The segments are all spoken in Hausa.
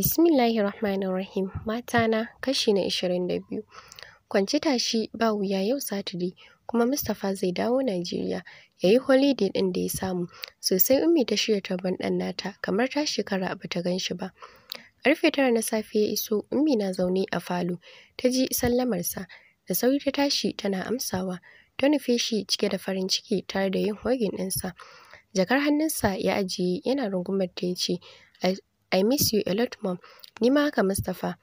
Bismillahir Rahmanir Rahim. Matana kashi na 22. Kwanci tashi ba wuya yau Saturday kuma Mustapha zai dawo Najeriya ya yi holiday din da ya samu. Sosai Ummi ta shirya turban ɗan nata kamar ta shekara ba ta gan ba. Karfe tara na safe ya iso Ummi na zaune a falo ta ji sallamarsa da sauri ta tashi tana amsawa ta nufe shi cike da farin ciki tare da yin hogin ɗinsa. Jakar hannunsa ya ajiye yana rungumar ta ya ce I miss you a lot mom. Ni ma haka Mustapha.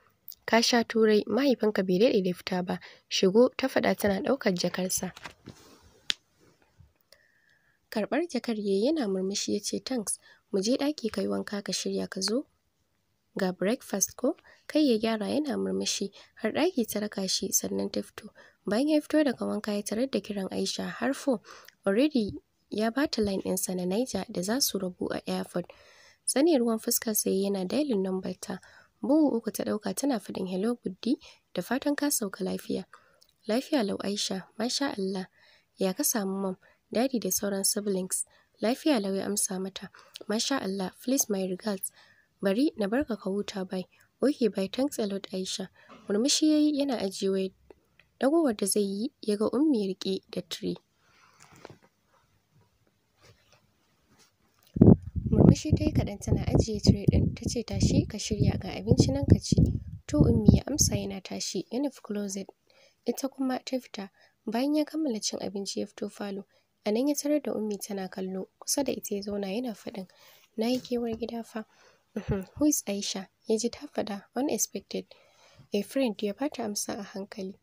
Ka sha turai mahaifinka bai daɗe da fita ba. Shigo ta faɗa tana ɗaukar jakarsa. Karɓar jakar yayi yana murmushi ya ce thanks. Mu je ɗaki ka yi wanka ka shirya ka zo. Ga breakfast ko? Kai ya gyara yana murmushi har ɗaki ta raka shi sannan ta fito. Bayan ya fito daga wanka ya tarar da kiran Aisha har fo. Already ya bata line ɗinsa na Niger da za su rabu a airport. Sanin ruwan sa yayi yana dailin lambarta. Bugu uku ta ɗauka tana faɗin hello guddi da fatan ka sauka lafiya. Lafiya lau Aisha, masha Allah. Ya ka samu mom, dadi da sauran siblings. Lafiya lau ya amsa mata. Masha Allah, please my regards. Bari na barka ka huta bai. oke bai thanks a lot Aisha. Murmushi yayi yana ajiye dagowar da zai yi ya ga ummi riƙe da tire. Murmushi ta yi kaɗan tana ajiye tire ɗin ta ce tashi ka shirya ga abinci nan ka ci. To Ummi ya amsa yana tashi ya nufi closet ita kuma ta fita. Bayan ya kammala cin abinci ya fito falo. A nan ya tarar da Ummi tana kallo kusa da ita ya zauna yana faɗin na yi kewar gida fa. Uhm, who is Aisha? Ya ji ta faɗa unexpected. A friend ya bata amsa a hankali.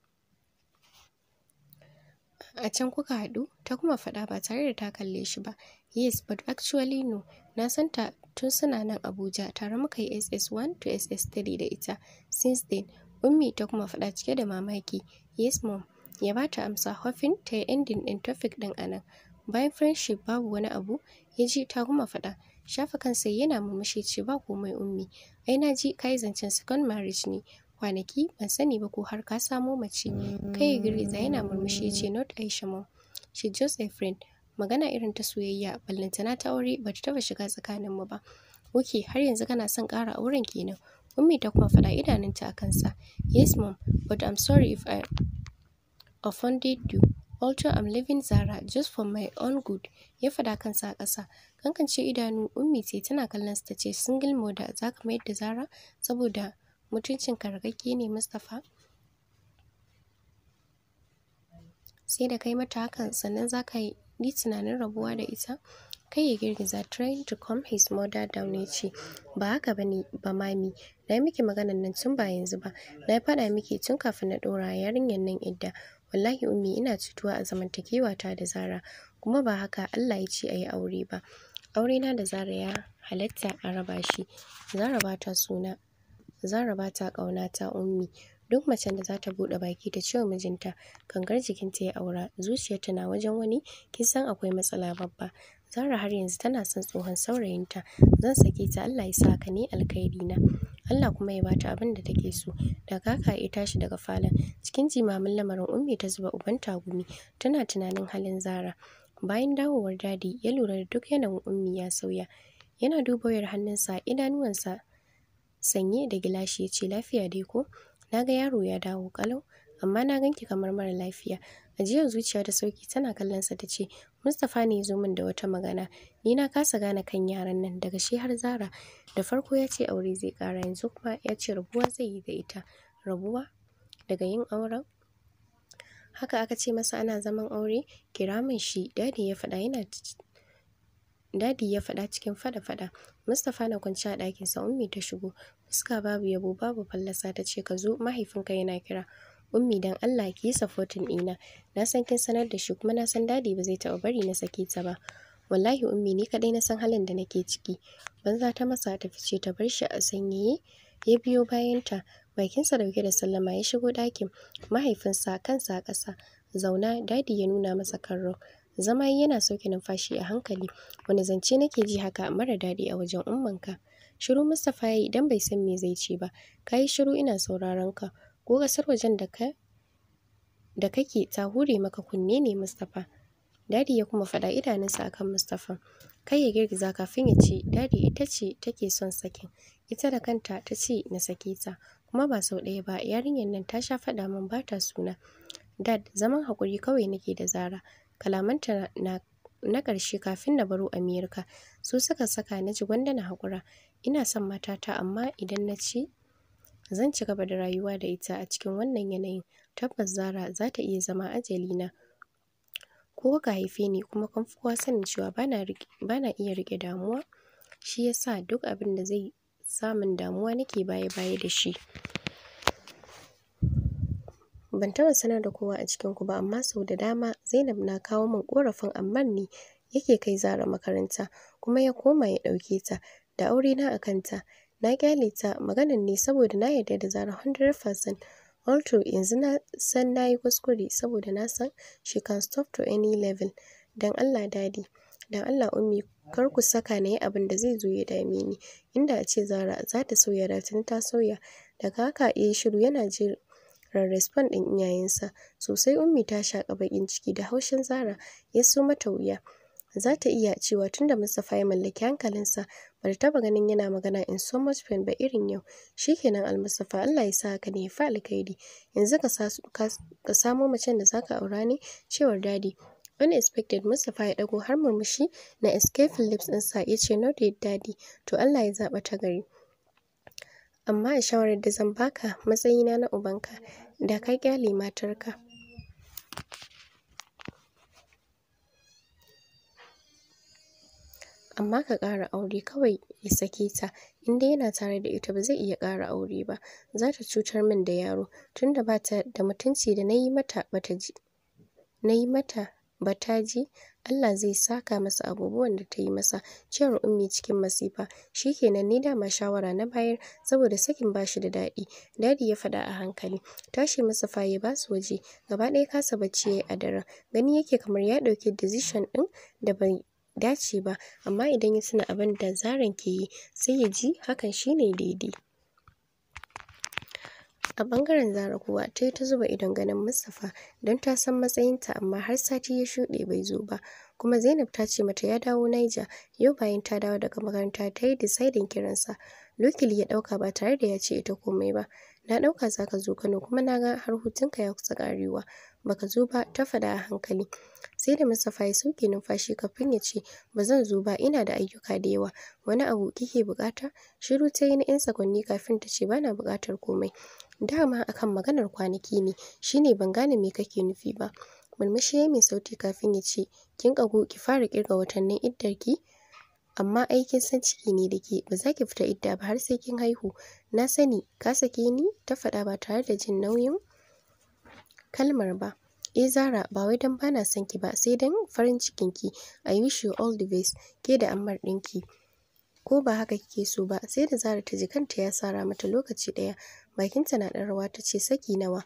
A can kuka haɗu ta kuma faɗa ba tare da ta kalle shi ba. Yes, but actually no. Na san ta tun suna nan Abuja tare muka yi SS1 to SS3 da ita. Since then, Ummi ta kuma faɗa cike da mamaki. Yes, mom. Ya ba ta amsa hofin ta yi ending ɗin topic din anan. Bayan friendship babu wani abu, ya ji ta kuma faɗa. Shafa kansa yana murmushi ce ba komai ummi. Ai na ji ka zancen second marriage ne. Kwanaki ban sani ba ko har ka samo mace. Kai Girgiza yana murmushi ce not Aisha mom. She just a friend. magana irin ta soyayya ballantana ta aure bata taba shiga tsakanin mu ba wuke har yanzu kana son ƙara auren kenan ummi ta kuma faɗa idanunta a sa yes mom but i'm sorry if i offended you also i'm leaving zara just for my own good ya faɗa kansa a ƙasa kankance idanu ummi ce tana kallon ta ce single mother za ka mayar da zara saboda mutuncin kargagge ne mustapha sai da kai mata hakan sannan za ka yi ni tunanin rabuwa da ita? Kai ya girgiza, trying to calm his mother down ya ce, Ba haka ba ne ba mami, na yi miki maganan nan tun ba yanzu ba, na faɗa miki tun kafin na ɗora yarinyar nan idda. Wallahi ummi ina cutuwa a zamantakewa ta da Zara, kuma ba haka Allah ya ce a yi aure ba. aure na da Zara ya halatta a raba shi. Zara ba ta suna, Zara ba ta ƙaunata ummi. Duk macen da za ta buɗe baki ta ce mijinta gangar jikinta ya aura zuciya na wajen wani kin san akwai matsala babba. Zara har yanzu tana son tsohon saurayinta. Zan sake ta Allah ya sa ka ne na Allah kuma ya bata abin da take so. Da kaka ya tashi daga falon cikin jimamin lamarin Ummi ta zuba uban tagumi tana tunanin halin Zara. Bayan dawowar dadi ya lura da duk yanayin Ummi ya sauya. Yana duba wayar hannunsa idanuwansa sanye da gilashi ya ce lafiya dai ko? Na ga yaro ya dawo kalau amma na ganki kamar mara lafiya. Ajiyar zuciya da sauki tana kallon sa ta ce, Mustapha ne ya zo min da wata magana. Ni na kasa gane kan yaran nan daga shi har Zara. Da farko ya ce aure zai kara yanzu kuma ya ce rabuwa zai yi da ita. Rabuwa daga yin auren? Haka aka ce masa ana zaman aure, kira min shi, dadi ya faɗa yana Dadi ya faɗa cikin fada-fada. Mustapha na kwanci a ɗakinsa, Ummi ta shigo. iska babu yabo babu fallasa ta ce ka zo mahaifinka yana kira ummi dan Allah ki yi ina na san kin sanar da shi kuma na san dadi ba zai taɓa bari na sake ta ba wallahi ummi ni kadai na san halin da nake ciki banza ta masa ta fice ta bar shi a sanyaye ya biyo bayanta bakinsa dauke da sallama ya shigo ɗakin mahaifinsa kansa a ƙasa zauna dadi ya nuna masa karro zama yana sauke numfashi a hankali wani zance nake ji haka mara daɗi a wajen ummanka Shiru Mustapha ya yi idan bai san me zai ce ba. Ka yi shiru ina sauraron ka. Ko ƙasar wajen da ka da kake ta hure maka kunne ne Mustapha. Dadi ya kuma faɗa idanunsa akan Mustapha. Kai ya girgiza kafin ya ce, Dadi ita ce take son sakin. Ita da kanta ta ce na sake ta. Kuma ba sau ɗaya ba, yarinyar nan ta sha faɗa min ba ta suna. Dad, zaman hakuri kawai nake da Zara. Kalamanta na na ƙarshe kafin na baro Amerika. Su suka saka na ji gwanda na haƙura. Ina son matata amma idan na ci zan ci gaba da rayuwa da ita a cikin wannan yanayin tabbas Zara za ta iya zama na Ko ka haife ni kuma kan fi kowa sanin cewa ba na iya riƙe damuwa shi yasa duk abin da zai samun damuwa nake baya-baya da shi. Ban taɓa sanar da kowa a cikinku ba amma sau da dama Zainab na kawo min korafin Ammar ne yake kai Zara makaranta kuma ya koma ya ɗauke ta da aure na a kanta. Na kyale ta maganan ne saboda na yarda da Zara 100%. Alto yanzu na san na yi kuskure saboda na san she can stop to any level. Dan Allah dadi, dan Allah ummi kar ku saka na yi abin da zai zo ya dame ni. Inda a ce Zara za ta sauya da ta sauya. Daga haka ya shiru yana rarrespon ɗin iyayensa sosai ummi ta shaka bakin ciki da haushin zara ya so mata wuya za ta iya cewa tunda Mustapha ya mallaki hankalinsa ba ta taba ganin yana magana in so much pain ba irin yau shikenan mustapha Allah ya sa haka ne ya fa alkhairi yanzu ka samo macen da zaka aura ne cewar dadi unexpected Mustapha ya dago har murmushi na escape lips sa ya ce no dadi dadi to Allah ya zaɓa ta gari amma a shawarar da zan baka matsayina na ubanka da ka ƙyale matarka amma ka ƙara aure kawai ya sake ta in dai yana tare da ita ba zai iya ƙara aure ba za ta cutar min da yaro tunda ba ta da mutunci da na yi mata ba ta ji na yi mata ba ta ji Allah zai saka masa abubuwan da ta yi masa, cewar Ummi cikin masifa. Shi kenan ni dama shawara na bayar saboda sakin ba shi da daɗi. Dadi ya faɗa a hankali. Tashi masa faye ba su waje, gaba ɗaya kasa bacci ya yi a daren. Gani yake kamar ya ɗauki decision ɗin da bai dace ba, amma idan ya tuna abin da Zaran ke yi, sai ya ji hakan shi ne daidai. A bangaren Zara kuwa ta yi ta zuba idan ganin Mustapha don ta san matsayinta amma har sati ya shuɗe bai zo ba, kuma Zainab ta ce mata ya dawo niger yau bayan ta dawo daga makaranta ta yi disaidin kiransa. Lokili ya ɗauka ba tare da ya ce ita komai ba. Na ɗauka za ka zo Kano kuma na ga har hutunka ya kusa ƙarewa. Baka zo ba ta faɗa a hankali. Sai da Mustapha ya sauke numfashi kafin ya ce ba zan zo ba ina da ayyuka da yawa. Wani abu kike buƙata? Shiru ta yi na 'yan sakwanni kafin ta ce ba na buƙatar komai. Dama akan maganar kwanaki ne, shine ban gane me kake nufi ba. Murmushi ya mai sauti kafin ya ce, Kin ƙagu ki fara ƙirga watannin iddarki? Amma aikin san ciki ne da ke, ba za ki fita idda ba har sai kin haihu. Na sani, ka sake ni? Ta faɗa ba tare da jin nauyin kalmar ba. e Zara, ba wai dan bana son ki ba, sai dan farin cikin ki. I wish you all the best, ke da ammar ɗinki. Ko ba haka kike so ba, sai da Zara ta ji kanta ya sara mata lokaci ɗaya. bakinta na ɗan rawa ta ce saki nawa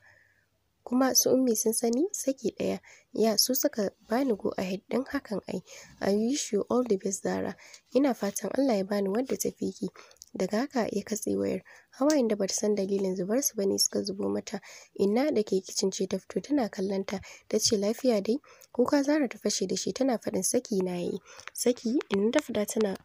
kuma su ummi sun sani saki ɗaya ya su saka bani go a din hakan ai i wish you all the best zara ina fatan allah ya bani wadda ta fiki daga haka ya katse wayar hawayen da bata san dalilin zubar su bane suka zubo mata inna da ke kicin ce ta fito tana kallon ta tace lafiya dai kuka zara ta fashe da shi tana faɗin saki na yi saki inna ta fada tana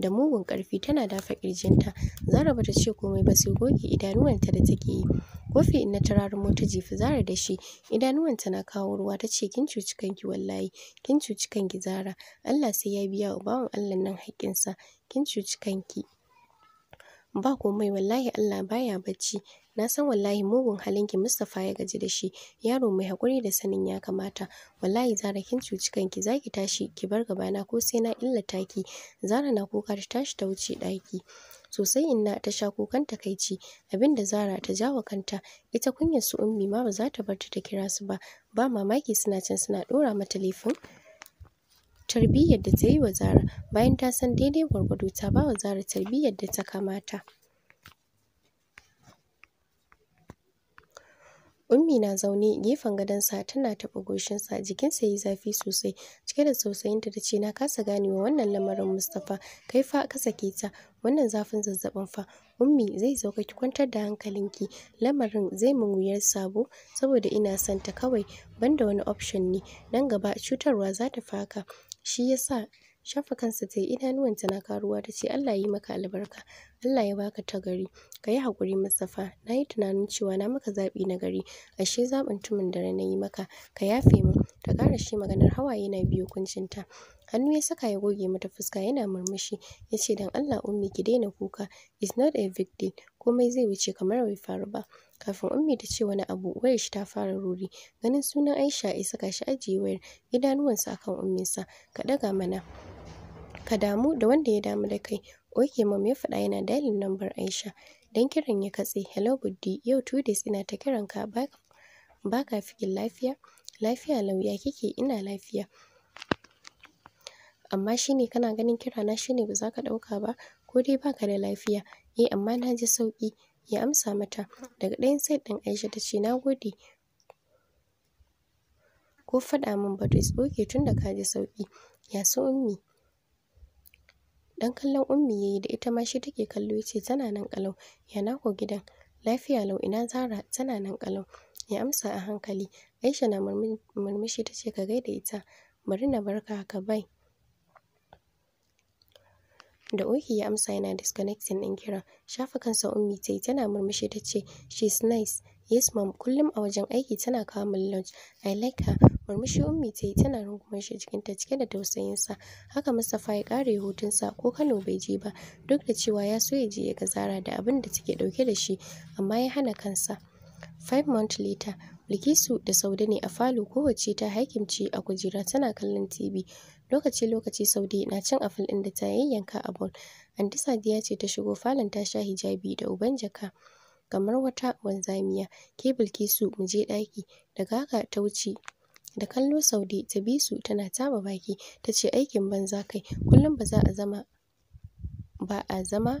da mugun ƙarfi tana dafa ƙirjinta. Zara bata ce komai ba sai goge idanuwanta da take yi. Kofi in na turarumo ta jifi Zara da shi, idanuwanta na kawo ruwa ta ce kin cuci kanki wallahi, kin cuci kanki Zara, Allah sai ya biya wa bawan Allah nan haƙƙinsa, kin cuci kanki. ba komai wallahi Allah baya bacci na san wallahi mugun halinki mustafa ya gaji da shi yaro mai hakuri da sanin ya kamata wallahi zara kin cuci kanki zaki tashi ki bar gaba na ko sai na illata ki zara na kuka ta tashi ta wuce daki sosai inna ta sha kukan takaici abinda zara ta jawa kanta ita kunyar su ummi ma ba za ta bar ta kira su ba ba mamaki suna can suna dora mata laifin tarbiyyar da ta yi wa Zara bayan ta san daidai gwargwado ta ba wa Zara tarbiyyar da ta kamata. Ummi na zaune gefen gadonsa tana taɓa goshinsa jikinsa yi zafi sosai cike da sosayinta ta ce na kasa ganewa wannan lamarin Mustapha kai fa ka sake ta wannan zafin zazzabin fa Ummi zai sauka ki kwantar da hankalinki lamarin zai mun wuyar sabo saboda ina son ta kawai banda wani option ne nan gaba cutarwa za ta faka shi ya sa shafa kansa ta yi idanuwanta na karuwa da ce Allah ya yi maka albarka Allah ya baka ta gari ka yi haƙuri Mustapha na yi tunanin cewa na maka zaɓi na gari ashe zabin tumin da na yi maka ka yafe mu ta kara shi maganar hawaye na biyu kuncinta hannu ya saka ya goge mata fuska yana murmushi ya ce don Allah ummi ki daina kuka it's not a big deal komai zai wuce kamar bai faru ba Kafin Ummi ta ce wani abu, shi ta fara ruri. Ganin sunan Aisha ya saka shi ajiye wayar, idanuwansa akan sa Ka ɗaga mana. Ka damu da wanda ya damu da kai. Oke mam ya faɗa yana dalin lambar Aisha. Dan kiran ya katse. Hello Buddi, yau two days ina ta kiran ka ba baka fikin lafiya? Lafiya lauya kike ina lafiya. Amma shine kana ganin kirana shine ba za ka ɗauka ba ko dai baka da lafiya? Eh amma na ji sauƙi. ya amsa mata. Daga ɗayan side ɗin Aisha ta ce, na gode. Ko faɗa min ba is okay tun da kaji sauki. sauƙi. Ya su ummi. Dan kallon ummi ya yi da ita ma shi take kallo ya ce tana nan kalau. Ya nako gidan. Lafiya lau ina Zara tana nan kalau. Ya amsa a hankali. Aisha na murmushi ta ce ka gaida ita. Bari na barka ka bai. Da Ohi ya amsa yana disconnecting din kiran, shafa kansa Ummi ta tana murmushi ta ce, She's nice. Yes, mom, kullum a wajen aiki tana kawo min lunch. I like her. Murmushi Ummi ta tana rungumar shi jikinta cike da tausayin sa Haka mustafa ya kare ƙare sa ko Kano bai je ba, duk da cewa ya so ya je ya ga Zara da abin da take dauke da shi, amma ya hana kansa. Five months later, Bilkisu da saudani ne a falo kowacce ta haikimci a kujera tana kallon TV. Lokaci-lokaci sau da na cin aful ɗin da ta yanka a anti sadi Sadiya ce ta shigo falon ta sha hijabi da uban jaka kamar wata wanzamiya. Ke Bilkisu mu je daki Daga haka ta wuce da kallo saudi ta bi su tana taɓa baki ta ce aikin banza kai, kullum ba za a zama ba a zama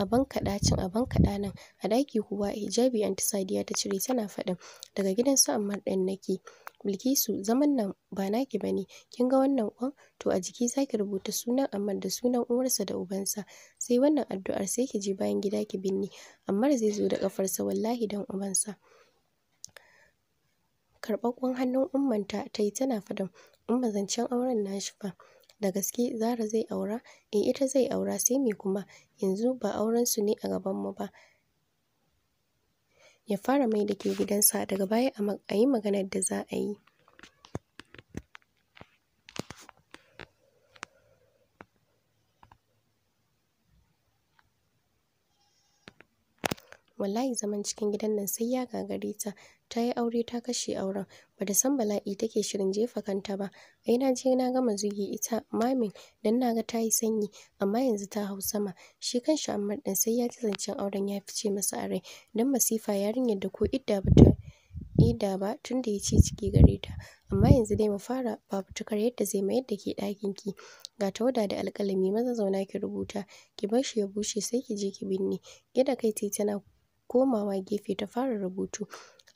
a bankaɗa cin a bankaɗa nan a ɗaki kuwa hijabi anti sadiya ta cire tana faɗin daga gidan su amma ɗan nake bilkisu zaman nan ba naki bane kin ga wannan kwan to a jiki zaki rubuta sunan amma da sunan uwarsa da ubansa sai wannan addu'ar sai ki je bayan gida ki binni amma zai zo da kafarsa wallahi dan ubansa karɓaɓɓen hannun ummanta ta yi tana faɗin umma zancen auren nashi fa da gaske Zara zai aura? Eh, ita zai aura, sai me kuma? Yanzu ba auren su ne a gaban mu ba. Ya fara mai da ke gidansa, daga baya a yi maganar da za a yi. wallahi zaman cikin gidan nan sai ya gagare ta ta yi aure ta kashe auren ba da san bala'i take shirin jefa kanta ba ai na je na gama zugi ita mamin dan na ga ta yi sanyi amma yanzu ta hau sama shi kanshi amma din sai ya ji zancen auren ya fice masa arai rai dan masifa yarinyar da ko idda bata ida ba tun da ya ce ciki gare ta amma yanzu dai mu fara fitukar yadda zai mayar da ke ɗakin ki ga tawada da alkalami maza zauna ki rubuta ki bar shi ya bushe sai ki je ki binne gida kai tai tana komawa gefe ta fara rubutu.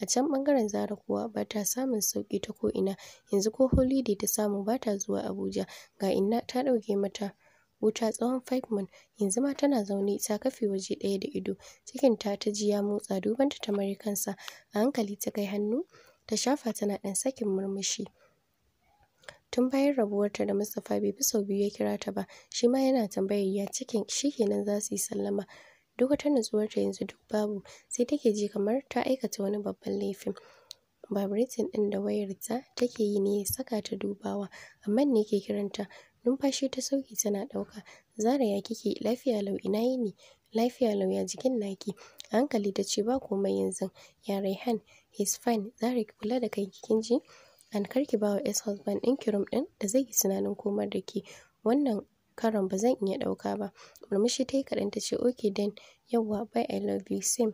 A can bangaren zara kuwa ba ta samun sauki ta ko ina yanzu ko holiday ta samu ba ta zuwa Abuja, ga inna ta dauke mata wuta tsawon five months, yanzu ma tana zaune ta kafe waje daya da ido, cikin ta ji ya motsa dubanta ta mari kansa, a hankali ta kai hannu ta shafa tana ɗan sakin murmushi. Tun bayan rabuwar ta da mustafa bai fi sau biyu ya kira ta ba, shi ma yana tambayar ya cikin, shi kenan za su yi sallama. duk wata ta yanzu duk babu sai take ji kamar ta aikata wani babban laifin vibrating ɗin da wayarta take yi ne ya saka ta dubawa amma ne ke kiranta numfashi ta sauki tana ɗauka zara ya kike lafiya lau ina yini lafiya lau ya jikin naki hankali ta ce ba komai yanzu ya raihan he's fine zara ki kula da kai kikin ji an karki ba wa ex husband ɗin kirum ɗin da zai yi tunanin komar da ke wannan karon ba zan iya ɗauka ba. Murmushi ta yi kaɗan ta ce, "Okay then, yawwa, bye I love you, same."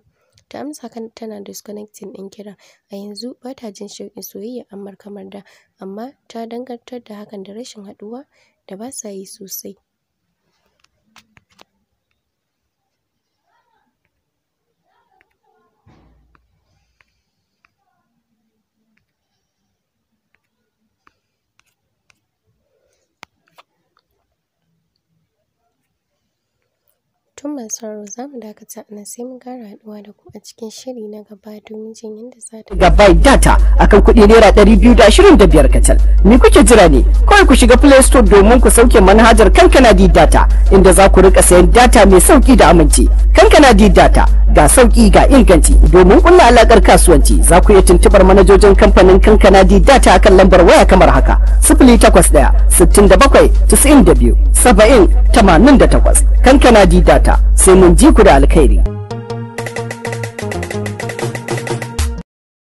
Ta amsa kan tana disconnecting ɗin kira. A yanzu ba ta jin shauƙin soyayya amma kamar da, amma ta dangantar da hakan da rashin haɗuwa da ba sa yi sosai. Tun masu sauraro za mu dakata a sai mun kara haɗuwa da ku a cikin shiri na gaba domin jin yadda za ta. Gaba data akan kuɗi naira ɗari biyu da ashirin da biyar kacal. Me kuke jira ne? Kawai ku shiga Play Store domin ku sauke manhajar kankana di data inda za ku rika sayan data mai sauki da aminci. Kankana di data ga sauki ga inganci domin kulla alakar kasuwanci za ku iya tuntubar manajojin kamfanin kankana di data akan lambar waya kamar haka sifili takwas ɗaya sittin da bakwai kankana di data sai mun ji ku da alkhairi.